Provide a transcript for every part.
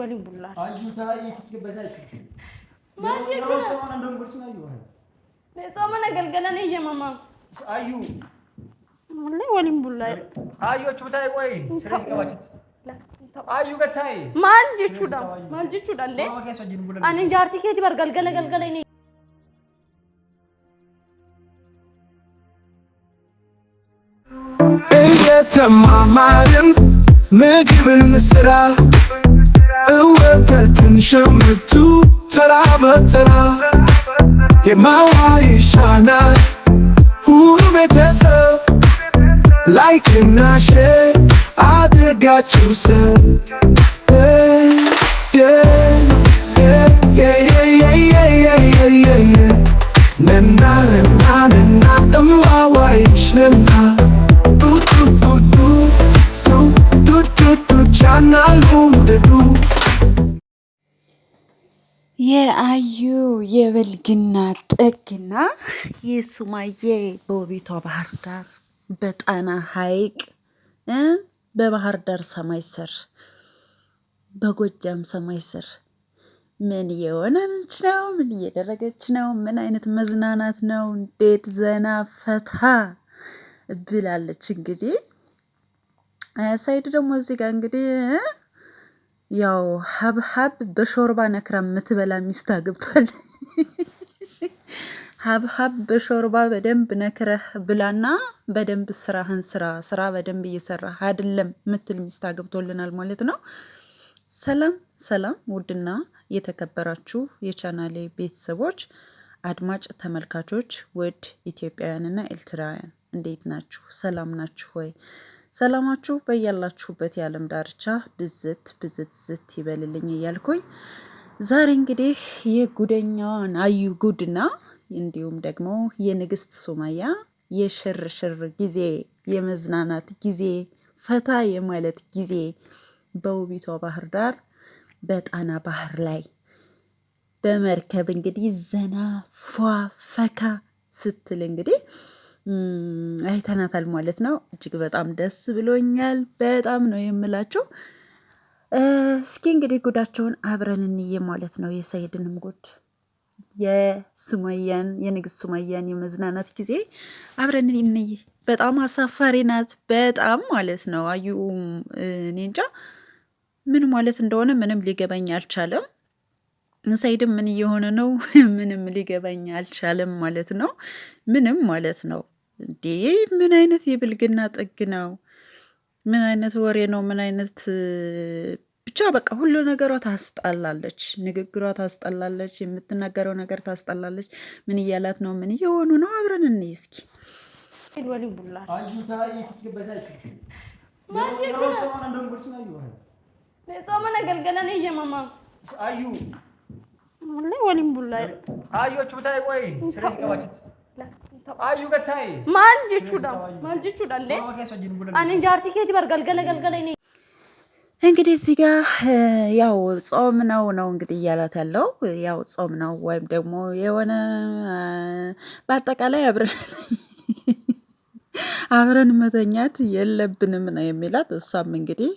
ወሊ ቡላ አዩታ ይትስገበታች ማየት ነው አዩ ሙላ ወሊም ቡላ አዮቹ ታይ ቆይ ስለዚህ አዩ ገታይ ማንጅቹ ዳ ማንጅቹ ዳለ አኔ ጃርቲ ከዲ በርገልገለ ገልገለ ነው እየተማማርን ምግብን ስራ እውቀትን ሸምቱ ተራ በተራ የማዋ ይሻናል ሁሉ ቤተሰብ ላይክና ሼር አድርጋችሁ ሰብ የአዩ የበልግና ጥግና የሱማዬ በውቢቷ ባህር ዳር በጣና ሐይቅ በባህር ዳር ሰማይ ስር በጎጃም ሰማይ ስር ምን የሆነች ነው? ምን እየደረገች ነው? ምን አይነት መዝናናት ነው? እንዴት ዘና ፈታ ብላለች። እንግዲህ ሳይድ ደግሞ እዚህ ጋር እንግዲህ ያው ሀብሀብ በሾርባ ነክራ የምትበላ ሚስት አግብቷል። ሀብሀብ በሾርባ በደንብ ነክረህ ብላና በደንብ ስራህን ስራ። ስራ በደንብ እየሰራ አይደለም ምትል ሚስት አግብቶልናል ማለት ነው። ሰላም ሰላም! ውድና የተከበራችሁ የቻናሌ ቤተሰቦች አድማጭ ተመልካቾች፣ ውድ ኢትዮጵያውያንና ኤርትራውያን እንዴት ናችሁ? ሰላም ናችሁ ወይ? ሰላማችሁ በያላችሁበት የዓለም ዳርቻ ብዝት ብዝት ዝት ይበልልኝ እያልኩኝ ዛሬ እንግዲህ የጉደኛዋን አዩ ጉድና እንዲሁም ደግሞ የንግስት ሱመያ የሽርሽር ጊዜ፣ የመዝናናት ጊዜ፣ ፈታ የማለት ጊዜ በውቢቷ ባህር ዳር በጣና ባህር ላይ በመርከብ እንግዲህ ዘና ፏ ፈካ ስትል እንግዲህ አይተናታል ማለት ነው። እጅግ በጣም ደስ ብሎኛል። በጣም ነው የምላችሁ። እስኪ እንግዲህ ጉዳቸውን አብረን እንዬ ማለት ነው። የሰይድንም ጉድ የሱመያን የንግስት ሱመያን የመዝናናት ጊዜ አብረን እንይ። በጣም አሳፋሪ ናት። በጣም ማለት ነው አዩ። እኔ እንጃ ምን ማለት እንደሆነ ምንም ሊገባኝ አልቻለም። ሰይድም ምን እየሆነ ነው? ምንም ሊገባኝ አልቻለም ማለት ነው። ምንም ማለት ነው እንዴ ምን አይነት የብልግና ጥግ ነው? ምን አይነት ወሬ ነው? ምን አይነት ብቻ በቃ ሁሉ ነገሯ ታስጠላለች፣ ንግግሯ ታስጠላለች፣ የምትናገረው ነገር ታስጠላለች። ምን እያላት ነው? ምን እየሆኑ ነው? አብረን እንይ እስኪ። አዩ maal jechuudha maal jechuudha እንግዲህ እዚህ ጋር ያው ጾም ነው ነው እንግዲህ እያላት ያለው ያው ጾም ነው ወይም ደግሞ የሆነ በአጠቃላይ አብረን አብረን መተኛት የለብንም ነው የሚላት እሷም እንግዲህ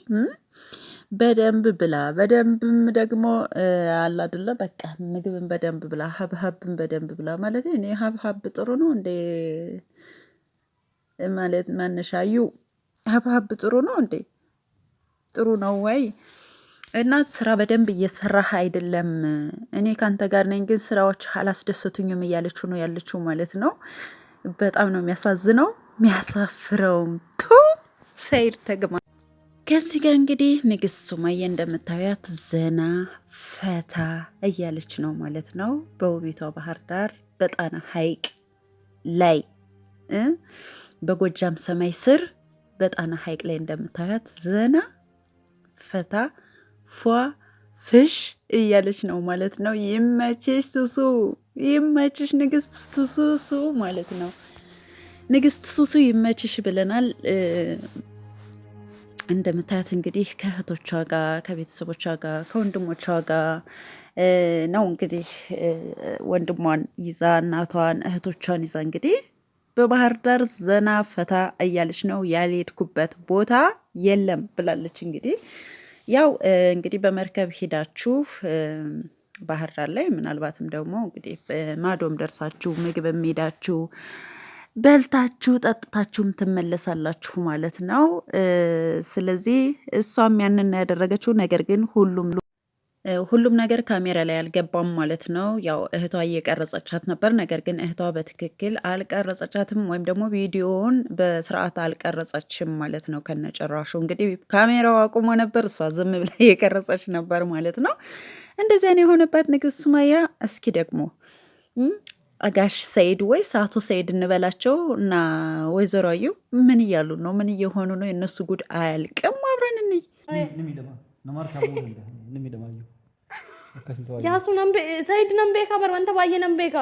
በደንብ ብላ በደንብም ደግሞ አለ አይደለ በቃ ምግብን በደንብ ብላ ሀብሀብን በደንብ ብላ ማለት እኔ ሀብሀብ ጥሩ ነው እንዴ? ማለት ማነሻዩ ሀብሀብ ጥሩ ነው እንዴ? ጥሩ ነው ወይ? እና ስራ በደንብ እየሰራህ አይደለም። እኔ ካንተ ጋር ነኝ፣ ግን ስራዎች አላስደሰቱኝም እያለችው ነው ያለችው ማለት ነው። በጣም ነው የሚያሳዝነው የሚያሳፍረውም ቱ ሰይድ ተግማ ከዚህ ጋር እንግዲህ ንግስት ሱመያ እንደምታዩት ዘና ፈታ እያለች ነው ማለት ነው። በውቢቷ ባህር ዳር በጣና ሐይቅ ላይ በጎጃም ሰማይ ስር በጣና ሐይቅ ላይ እንደምታዩት ዘና ፈታ ፏ ፍሽ እያለች ነው ማለት ነው። ይመችሽ ሱሱ፣ ይመችሽ ንግስት ሱሱ ማለት ነው። ንግስት ሱሱ ይመችሽ ብለናል። እንደምታያት እንግዲህ ከእህቶቿ ጋር ከቤተሰቦቿ ጋር ከወንድሞቿ ጋር ነው እንግዲህ ወንድሟን ይዛ እናቷን እህቶቿን ይዛ እንግዲህ በባህር ዳር ዘና ፈታ እያለች ነው። ያልሄድኩበት ቦታ የለም ብላለች። እንግዲህ ያው እንግዲህ በመርከብ ሂዳችሁ ባህር ዳር ላይ ምናልባትም ደግሞ እንግዲህ ማዶም ደርሳችሁ ምግብ ሄዳችሁ በልታችሁ ጠጥታችሁም ትመለሳላችሁ ማለት ነው። ስለዚህ እሷም ያንን ያደረገችው ነገር ግን ሁሉም ሁሉም ነገር ካሜራ ላይ አልገባም ማለት ነው። ያው እህቷ እየቀረጸቻት ነበር። ነገር ግን እህቷ በትክክል አልቀረጸቻትም፣ ወይም ደግሞ ቪዲዮውን በስርዓት አልቀረጸችም ማለት ነው። ከነጭራሹ እንግዲህ ካሜራው አቁሞ ነበር፣ እሷ ዝም ብላ እየቀረጸች ነበር ማለት ነው። እንደዚያን የሆነባት ንግስት ሱመያ እስኪ ደግሞ አጋሽ ሰይድ ወይስ አቶ ሰይድ እንበላቸው እና ወይዘሮ አዩ ምን እያሉ ነው? ምን እየሆኑ ነው? የእነሱ ጉድ አያልቅም። አብረን እንይ። ሰይድ ነንቤካ በርመንተ ባየ ነንቤካ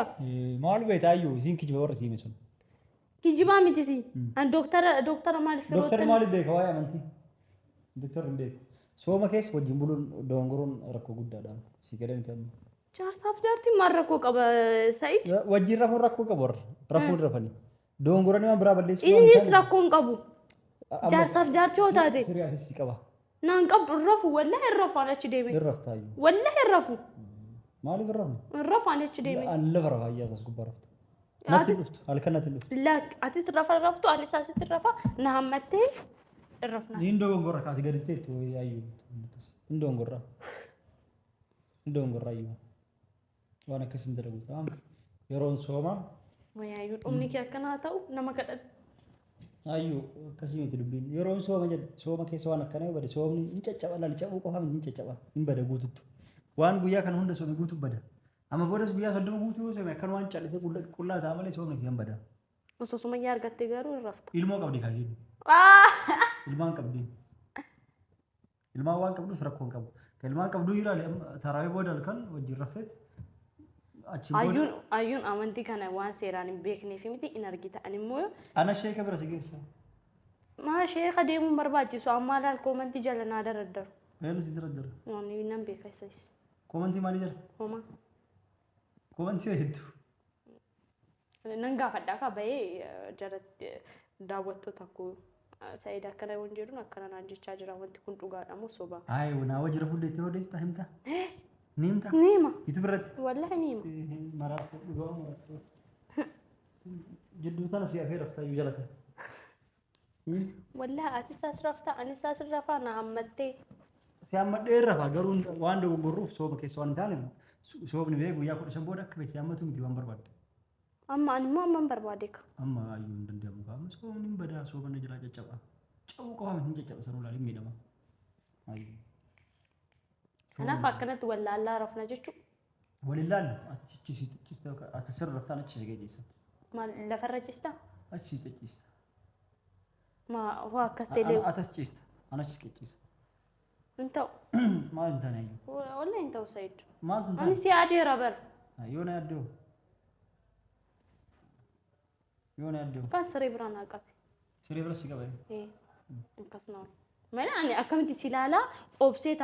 ማሉ ቤት አዩ ሲን ክጅ በወረ ሲ ሚሱ ክጅባ ሚቲ ሲ ዶክተር ዶክተር ማል ዶክተር ማል ቤካ ዋያ መንቲ ዶክተር ቤካ ሶመ ኬስ ወጅን ቡሉን ዶንጎሮን ረኮ ጉዳዳ ሲገደም ተሙ Jaarsaaf jaartiin maal rakkoo qaba Sa'iid? Wajjin rafuun rakkoo qabu warra. Rafuun rafani. Doongorani waan biraa balleessu. Innis rakkoon qabu. Jaarsaaf jaartii yoo taate. Siriyaasitti qaba. Naan qabdu hin rafu wallee hin rafu achi deemee. Hin raftaa iyyuu. Wallee hin rafu. Maaliif hin rafu? Hin rafu achi deemee. Ani lafa rafa ayyaa isaas gubbaa raftu. Natti dhuftu halkan natti dhuftu. Laak atis rafa raftu ani isaasitti rafa na hammattee hin rafna. Niin doongorra kaati gadi teettu ayyu. Hin doongorra. Hin doongorra iyyuu. የሆነ ክስ እንደደጉታ የሮን ሶማ ወያዩ ጦምኒ ከከናታው ነመከደት አዩ ከሲም ትልብኝ የሮን ሶማ ጀድ ሶማ ከሰዋን ከናዩ በደ ሶምኒ እንጨጨባላ ልጨቡ ቆፋም እንጨጨባ እንበደ ጉትቱ ዋን ጉያ ከነ ሁንደ ሶም ጉቱ በደ አማ ቦደስ ጉያ ሰደሙ ጉቱ ሶም ከነ ዋን ጫለሰ ጉለ ቁላ ታማለ ሶም ነው ይንበደ ሶ ሶማ ያርገት ገሩ ረፍታ ኢልሞ ቀብዲ ካጂ ኢልማን ቀብዲ ኢልማን ዋን ቀብዱ ፍረኮን ቀቡ ከኢልማን ቀብዱ ይላል ተራዊ ቦዳል ከን ወጂ ረፍት Ayyuun ayyuun amantii kana waan seeraan hin beekneef miti in argita. Ani immoo ana sheeka bira si geessa. Maa sheeka deemuun barbaachisu amma laal koomantii jala naa daradaru. Meeru si daradaru? Wanni nan beeka isais. Koomantii maalii jala? Homaa. Koomantii hedduu. Nan gaafadhaa ka bahee jalatti daawwattoota koo Sa'iid akkana waan jedhuun akkana naan jechaa jira wanti kun dhugaadha moo sobaa? Ayi naa wajjira fuullee itti odeessaa himta? ኒማ ኒማ ይትብረት ወላሂ ኒማ ማራፍ ዱዋ ማራፍ ጅዱ ተነስ ያፈ ረፍታ ይጀለከ ወላሂ አቲሳ ስራፍታ አነሳ ስራፋ ናመቴ ሲያመደ ይረፋ ገሩን ዋንደ ጉሩፍ ሶብ ከሶ አንታለ ሶብ ነው ቤጉ ያቆ ሰቦዳ ከበ ሲያመቱ ምት ባንበርባደ አማ አንማ አማን በርባደ ከ አማ አዩ እንደንደሙ ካም ሶብንም በዳ ሶብ ነጅላ ጨጨባ ጨውቀዋ ምን ጨጨባ ሰሩላ ለሚደማ ከናፍ አክነት ወላላ ረፍና ጀቹ ወልላሉ አትችሲ ጥቂስ ተው አትሰር ረፍታ ነች ማን ለፈረጅስታ አትችሲ ጥቂስ ማ ዋ ከስቴሌ አትችሲ አናችስ ቅጭስ እንተው ማን እንተነኝ ወላ እንተው ሰይድ ማን እንተ አንሲ አዴ ረበር ዮነ ያደው ዮነ ያደው ካ ሰሬብራን አቀፍ ሰሬብራስ ይገበል እ እንከስ ነው ማለት አንዴ አከምት ሲላላ ኦብሴታ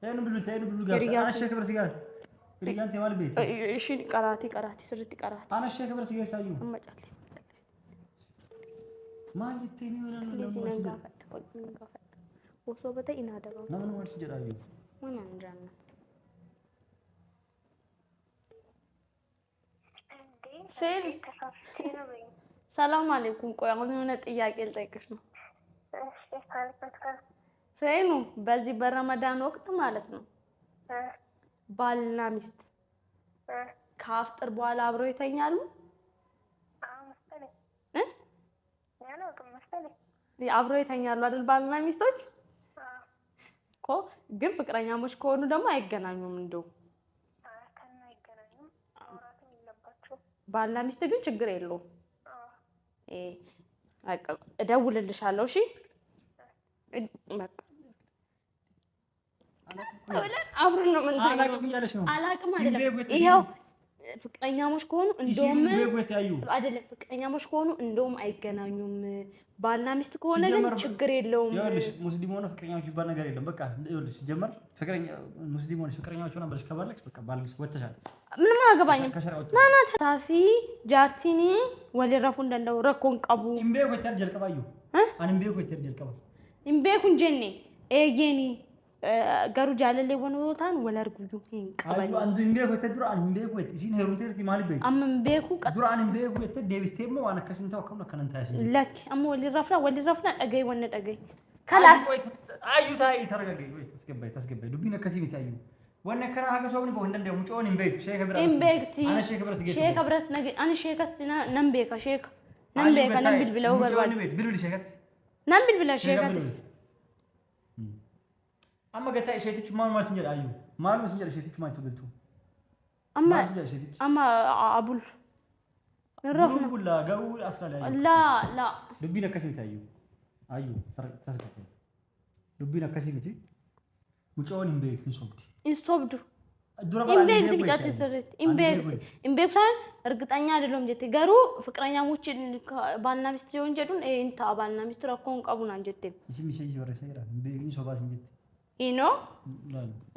Ta'inu buluu ta'inu buluu gaafta. Ana sheeka barsiisaa. Hiriyyaan ta'e maal beekti? Ishiin qaraatii qaraatii sirriitti qaraatii. Ana sheeka barsiisaa iyyuu. Amma caalli. Maal jettee ni mana oh, nama walsi jedha? Osoo bata ina daba. Namni walsi jedha iyyuu. Mana hin jiraanna. ስል ሰላም አለይኩም። ቆይ አሁን የሆነ ጥያቄ ልጠይቅሽ ነው። ፌኑ በዚህ በረመዳን ወቅት ማለት ነው ባልና ሚስት ከአፍጥር በኋላ አብረው ይተኛሉ። አብረው ይተኛሉ አይደል? ባልና ሚስቶች እኮ ግን ፍቅረኛሞች ከሆኑ ደግሞ አይገናኙም። እንደው ባልና ሚስት ግን ችግር የለውም። እደውልልሻለሁ። እሺ በቃ አብረን ነው የምንተኛው። ፍቅረኛሞች ከሆኑ እንደውም አይደለም ፍቅረኛሞች ከሆኑ እንደውም አይገናኙም። ባልና ሚስት ከሆነ ግን ችግር የለውም። ሙስሊም ሆነ ፍቅረኛሞች ይባል ነገር የለም። በቃ ሲጀመር ሙስሊም ሆነሽ ፍቅረኛሞች ሆነ ብለሽ ከባለቅሽ በቃ ባልሽ ወተሻል። ምንም አያገባኝም። ናና ታፊ ጃርቲኒ ወሊረፉ እንደንደው ረኮን ቀቡ ኢምቤ ኮተር ጀልቀባዩ አንምቤ ኮተር ጀልቀባ ኢምቤ ኩንጀኔ ኤየኒ ገሩ ጃለሌ ወን ቦታን ወለር ጉዩ ቀበል አንዱ እንቤኩ የተ ዱራን እንቤኩ የተ እሲን ሄሩቴርቲ ማል ቤት አም እንቤኩ ዱራን እንቤኩ የተ ዴቪስቴሞ ዋና ከስንታው ከምነ ከነንታሲ ለክ አም ወሊራፍና ወሊራፍና ዳገይ ወነ ዳገይ ከላስ አዩታ ይተረጋገይ ወይ ተስገበይ ተስገበይ ዱቢነ ከሲ ቤት አዩ ወነ ከራ ሀገሶብን ቦ እንደንደ ሙጮን እንቤኩ ሼክ ብራስ እንቤክቲ አነ ሼክ ብራስ ጌስ ሼክ ብራስ ነገ አነ ሼክ አስቲና ነምቤካ ሼክ ነምቤካ ነምብል ብለው በርባል ነምቤት ብሉል ሼከት ነምብል ብላ ሼከት amma gataa isheetichumaan maal sin jedha ayyuu maaluma sin jedha isheetichumaan itti bultu amma sin jedha isheetichi amma abul Buruun bulla ga'uu asirraa laa laa laa dubbiin akkasii miti ayyuu ayyuu tasgabbee dubbiin akkasii miti mucoon hin beektu hin sobdi hin sobdu dura bara hin beektu qicaatti sirriitti hin beektu hin beektan እርግጠኛ አይደለም ጀቴ ገሩ ፍቅረኛሞች ባልና ሚስት ሲሆን ጀዱን እንታ ባልና ሚስት ረኮን ቀቡን አንጀቴ እሺ ሚሽ ይወረሰ ይራ ቢሶባስ እንጀቴ ኢኖ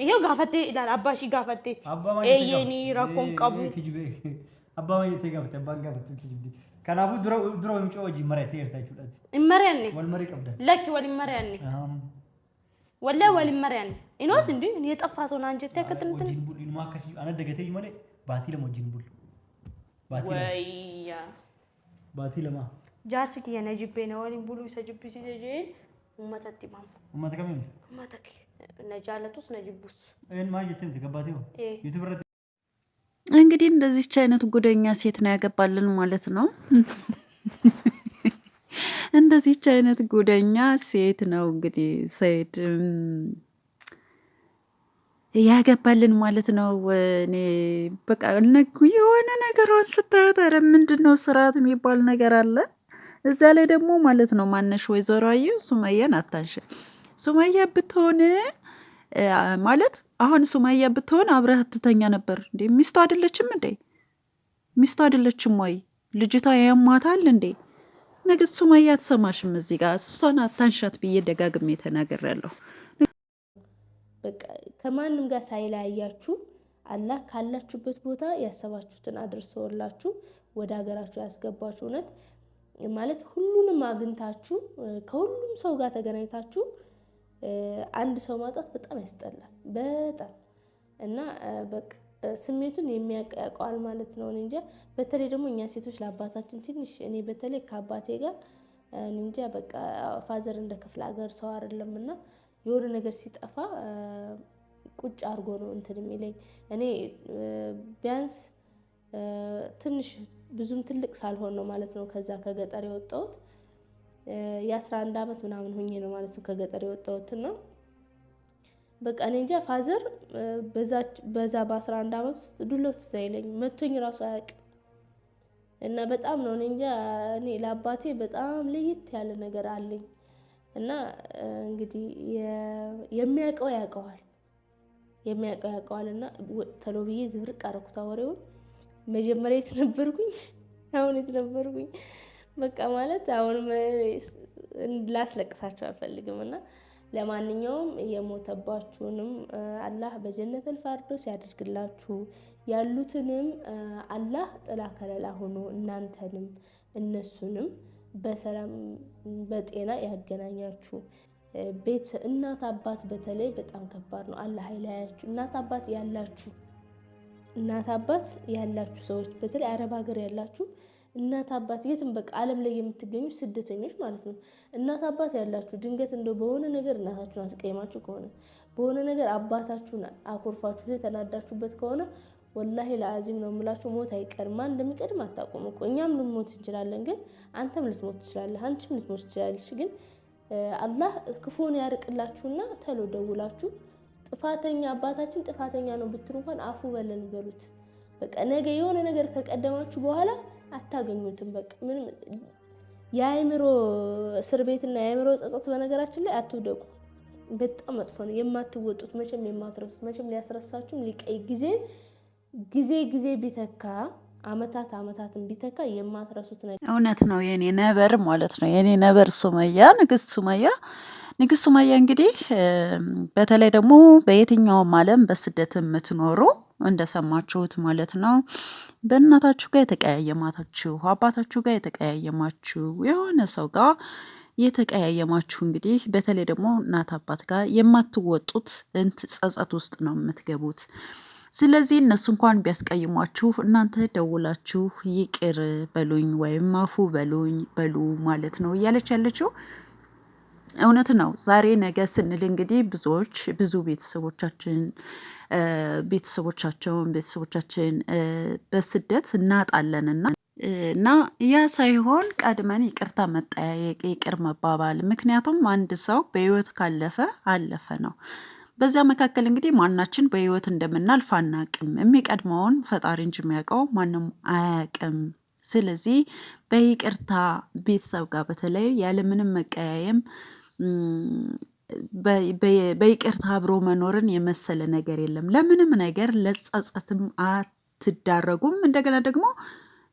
ይሄው ጋፈቴ ይላል። አባሺ ጋፈቴት ኤየኒ ረኮን ቀቡ አባ ማይቴ ጋፈቴ ኪጅቢ ከናፉ ድሮ ድሮ ምጮ ወጂ መሬት ይርታችሁለት ይመሪያኒ ወል መሪ ቀብደ ለኪ ወል ይመሪያኒ ወላ ኢኖት እንዲ የጠፋ ሰው ናንጀ ተከተን እንትን ቡል ኢንማ ከሽ አነ ይመለ ባቲ ለሞ ጅንቡል ባቲ ወያ ባቲ ለማ jaarsi kiyya na jibbee na waliin buluu isa jibbisiise jeen ነጃለቱስ ነጅቡስ እንግዲህ እንደዚች አይነት ጉደኛ ሴት ነው ያገባልን ማለት ነው። እንደዚች አይነት ጉደኛ ሴት ነው እንግዲህ ሰይድ ያገባልን ማለት ነው። እኔ በቃ ነጉ የሆነ ነገሯን ስታያት ኧረ ምንድን ነው ስርዓት የሚባል ነገር አለ። እዛ ላይ ደግሞ ማለት ነው ማነሽ ወይዘሮ አየሁ ሱመያን አታንሽ ሱመያ ብትሆን ማለት አሁን ሱመያ ብትሆን አብረህ ትተኛ ነበር እንዴ? ሚስቱ አይደለችም እንዴ? ሚስቱ አይደለችም ወይ? ልጅቷ ያማታል እንዴ? ነገ ሱመያ አትሰማሽም። እዚህ ጋር እሷን አታንሻት ብዬ ደጋግሜ ተናግሬያለሁ። በቃ ከማንም ጋር ሳይለያያችሁ አላህ ካላችሁበት ቦታ ያሰባችሁትን አድርሰውላችሁ ወደ ሀገራችሁ ያስገባችሁ እውነት ማለት ሁሉንም አግኝታችሁ ከሁሉም ሰው ጋር ተገናኝታችሁ አንድ ሰው ማጣት በጣም ያስጠላል። በጣም እና በቃ ስሜቱን የሚያቀያቀዋል ማለት ነው። እንጃ በተለይ ደግሞ እኛ ሴቶች ለአባታችን ትንሽ እኔ በተለይ ከአባቴ ጋር እንጃ በቃ ፋዘር እንደ ክፍለ ሀገር ሰው አይደለም እና የሆነ ነገር ሲጠፋ ቁጭ አድርጎ ነው እንትን የሚለኝ። እኔ ቢያንስ ትንሽ ብዙም ትልቅ ሳልሆን ነው ማለት ነው ከዛ ከገጠር የወጣሁት የአስራ አንድ ዓመት ምናምን ሆኜ ነው ማለት ነው ከገጠር ነው። በቃ እኔ እንጃ ፋዘር በዛ በአስራ አንድ ዓመት ውስጥ ዱላው ትዝ አይለኝም መቶኝ ራሱ አያውቅም። እና በጣም ነው እኔ እንጃ እኔ ለአባቴ በጣም ለየት ያለ ነገር አለኝ እና እንግዲህ የሚያውቀው ያውቀዋል የሚያውቀው ያውቀዋል እና ተሎ ብዬ ዝብርቅ አረኩታ ወሬውን መጀመሪያ የት ነበርኩኝ አሁን የት ነበርኩኝ በቃ ማለት አሁን ላስለቅሳቸው አልፈልግም እና ለማንኛውም የሞተባችሁንም አላህ በጀነት ፊርደውስ ያደርግላችሁ። ያሉትንም አላህ ጥላ ከለላ ሆኖ እናንተንም እነሱንም በሰላም በጤና ያገናኛችሁ። ቤት እናት አባት በተለይ በጣም ከባድ ነው። አላህ ይለያችሁ። እናት አባት ያላችሁ እናት አባት ያላችሁ ሰዎች በተለይ አረብ ሀገር ያላችሁ እናት አባት የትም በቃ ዓለም ላይ የምትገኙ ስደተኞች ማለት ነው። እናት አባት ያላችሁ ድንገት እንደው በሆነ ነገር እናታችሁን አስቀይማችሁ ከሆነ በሆነ ነገር አባታችሁን አኮርፋችሁ የተናዳችሁበት ከሆነ ወላሂ ለአዚም ነው የምላችሁ፣ ሞት አይቀርም። ማን እንደሚቀድም አታውቁም እኮ እኛም ልንሞት እንችላለን፣ ግን አንተም ልትሞት ትችላለህ፣ አንቺም ልትሞት ትችላለች። ግን አላህ ክፉን ያርቅላችሁና ተሎ ደውላችሁ ጥፋተኛ አባታችን ጥፋተኛ ነው ብትሉ እንኳን አፉ በለን በሉት። በቃ ነገ የሆነ ነገር ከቀደማችሁ በኋላ አታገኙትም። በቃ ምንም የአእምሮ እስር ቤትና የአእምሮ ጸጸት፣ በነገራችን ላይ አትውደቁ። በጣም መጥፎ ነው። የማትወጡት መቼም የማትረሱት መቼም ሊያስረሳችሁም ሊቀይ ጊዜ ጊዜ ጊዜ ቢተካ አመታት አመታትን ቢተካ የማትረሱት ነገር እውነት ነው። የኔ ነበር ማለት ነው። የኔ ነበር ሱመያ፣ ንግስት ሱመያ ንግስት ሱመያ እንግዲህ በተለይ ደግሞ በየትኛውም ዓለም በስደት የምትኖሩ እንደሰማችሁት ማለት ነው። በእናታችሁ ጋር የተቀያየማታችሁ፣ አባታችሁ ጋር የተቀያየማችሁ፣ የሆነ ሰው ጋር የተቀያየማችሁ እንግዲህ በተለይ ደግሞ እናት አባት ጋር የማትወጡት እንት ጸጸት ውስጥ ነው የምትገቡት። ስለዚህ እነሱ እንኳን ቢያስቀይሟችሁ እናንተ ደውላችሁ ይቅር በሉኝ ወይም አፉ በሉኝ በሉ ማለት ነው እያለች ያለችው እውነት ነው። ዛሬ ነገ ስንል እንግዲህ ብዙዎች ብዙ ቤተሰቦቻችን ቤተሰቦቻቸውን ቤተሰቦቻችን በስደት እናጣለንና እና ያ ሳይሆን ቀድመን ይቅርታ መጠያየቅ፣ ይቅር መባባል ምክንያቱም አንድ ሰው በህይወት ካለፈ አለፈ ነው። በዚያ መካከል እንግዲህ ማናችን በህይወት እንደምናልፍ አናቅም። የሚቀድመውን ፈጣሪ እንጂ የሚያውቀው ማንም አያቅም። ስለዚህ በይቅርታ ቤተሰብ ጋር በተለይ ያለምንም መቀያየም በይቅርታ አብሮ መኖርን የመሰለ ነገር የለም። ለምንም ነገር ለጸጸትም አትዳረጉም። እንደገና ደግሞ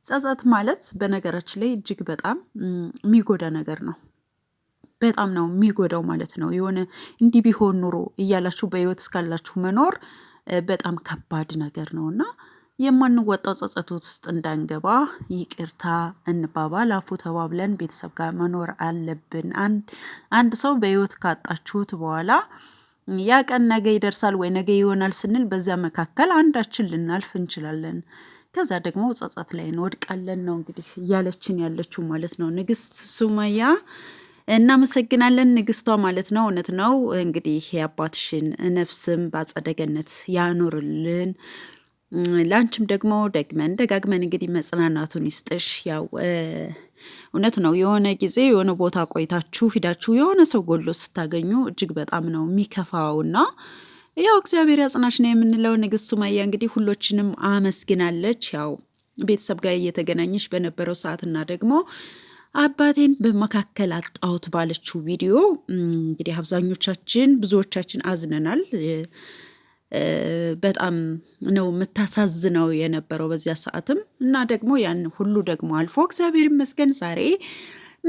ጸጸት ማለት በነገራችን ላይ እጅግ በጣም የሚጎዳ ነገር ነው። በጣም ነው የሚጎዳው ማለት ነው። የሆነ እንዲህ ቢሆን ኑሮ እያላችሁ በህይወት እስካላችሁ መኖር በጣም ከባድ ነገር ነው እና የማንወጣው ጸጸት ውስጥ እንዳንገባ ይቅርታ እንባባል። አፉ ተባብለን ቤተሰብ ጋር መኖር አለብን። አንድ ሰው በህይወት ካጣችሁት በኋላ ያ ቀን ነገ ይደርሳል ወይ ነገ ይሆናል ስንል በዚያ መካከል አንዳችን ልናልፍ እንችላለን። ከዛ ደግሞ ጸጸት ላይ እንወድቃለን ነው እንግዲህ እያለችን ያለችው ማለት ነው ንግስት ሱመያ። እናመሰግናለን ንግስቷ ማለት ነው። እውነት ነው እንግዲህ የአባትሽን ነፍስም በአጸደ ገነት ያኑርልን። ለአንቺም ደግሞ ደግመን ደጋግመን እንግዲህ መጽናናቱን ይስጥሽ። ያው እውነት ነው። የሆነ ጊዜ የሆነ ቦታ ቆይታችሁ ሂዳችሁ የሆነ ሰው ጎሎ ስታገኙ እጅግ በጣም ነው የሚከፋውና ያው እግዚአብሔር ያጽናሽ ነው የምንለው። ንግስት ሱመያ እንግዲህ ሁሎችንም አመስግናለች። ያው ቤተሰብ ጋር እየተገናኘች በነበረው ሰዓትና ደግሞ አባቴን በመካከል አጣሁት ባለችው ቪዲዮ እንግዲህ አብዛኞቻችን ብዙዎቻችን አዝነናል። በጣም ነው የምታሳዝነው የነበረው በዚያ ሰዓትም እና ደግሞ ያን ሁሉ ደግሞ አልፎ እግዚአብሔር ይመስገን ዛሬ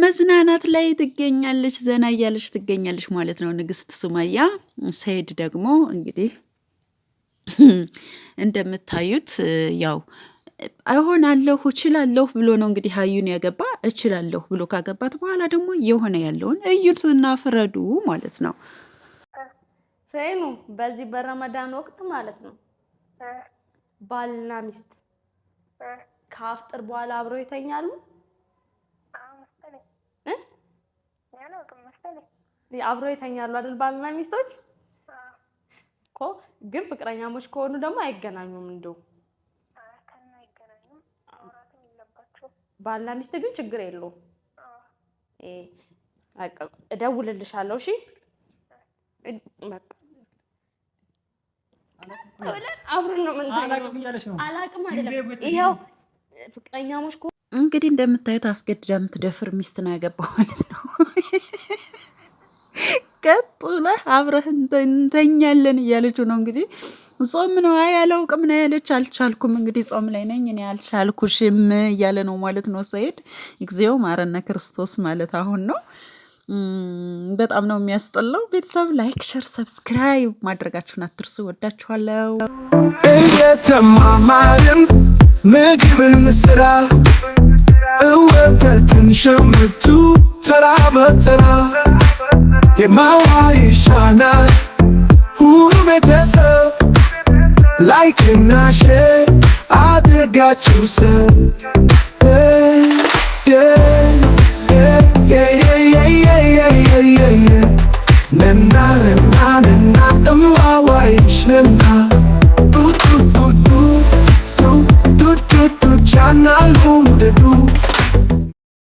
መዝናናት ላይ ትገኛለች፣ ዘና እያለች ትገኛለች ማለት ነው ንግስት ሱመያ። ሰኢድ ደግሞ እንግዲህ እንደምታዩት ያው እሆናለሁ እችላለሁ ብሎ ነው እንግዲህ ሀዩን ያገባ። እችላለሁ ብሎ ካገባት በኋላ ደግሞ የሆነ ያለውን እዩትና ፍረዱ ማለት ነው። ፌኑ በዚህ በረመዳን ወቅት ማለት ነው ባልና ሚስት ከአፍጥር በኋላ አብረው ይተኛሉ። አብረው ይተኛሉ አይደል? ባልና ሚስቶች እኮ ግን ፍቅረኛሞች ከሆኑ ደግሞ አይገናኙም። እንደው ባልና ሚስት ግን ችግር የለውም። እደውልልሻለሁ። እሺ በቃ እንግዲህ እንደምታዩት አስገድዳ የምትደፍር ሚስት ነው ያገባው ማለት ነው። ቀጥላ አብረህ እንተኛለን እያለችው ነው እንግዲህ ጾም ነው። አይ አላውቅም ነው ያለች። አልቻልኩም እንግዲህ ጾም ላይ ነኝ እኔ አልቻልኩሽም እያለ ነው ማለት ነው ሰኢድ። እግዚኦ ማረነ ክርስቶስ ማለት አሁን ነው በጣም ነው የሚያስጠላው። ቤተሰብ ላይክ፣ ሸር፣ ሰብስክራይብ ማድረጋችሁን አትርሱ። ወዳችኋለው። እየተማማርን ምግብን ስራ እወተትን ሸምቱ ተራ በተራ የማዋ ይሻናል ሁሉ ቤተሰብ ላይክ እና ሼር አድርጋችሁ ሰብ yeah, yeah Nena, nena, nena Tamawa each nena Tu, tu, tu, tu Tu, tu, tu, tu Chana lume tu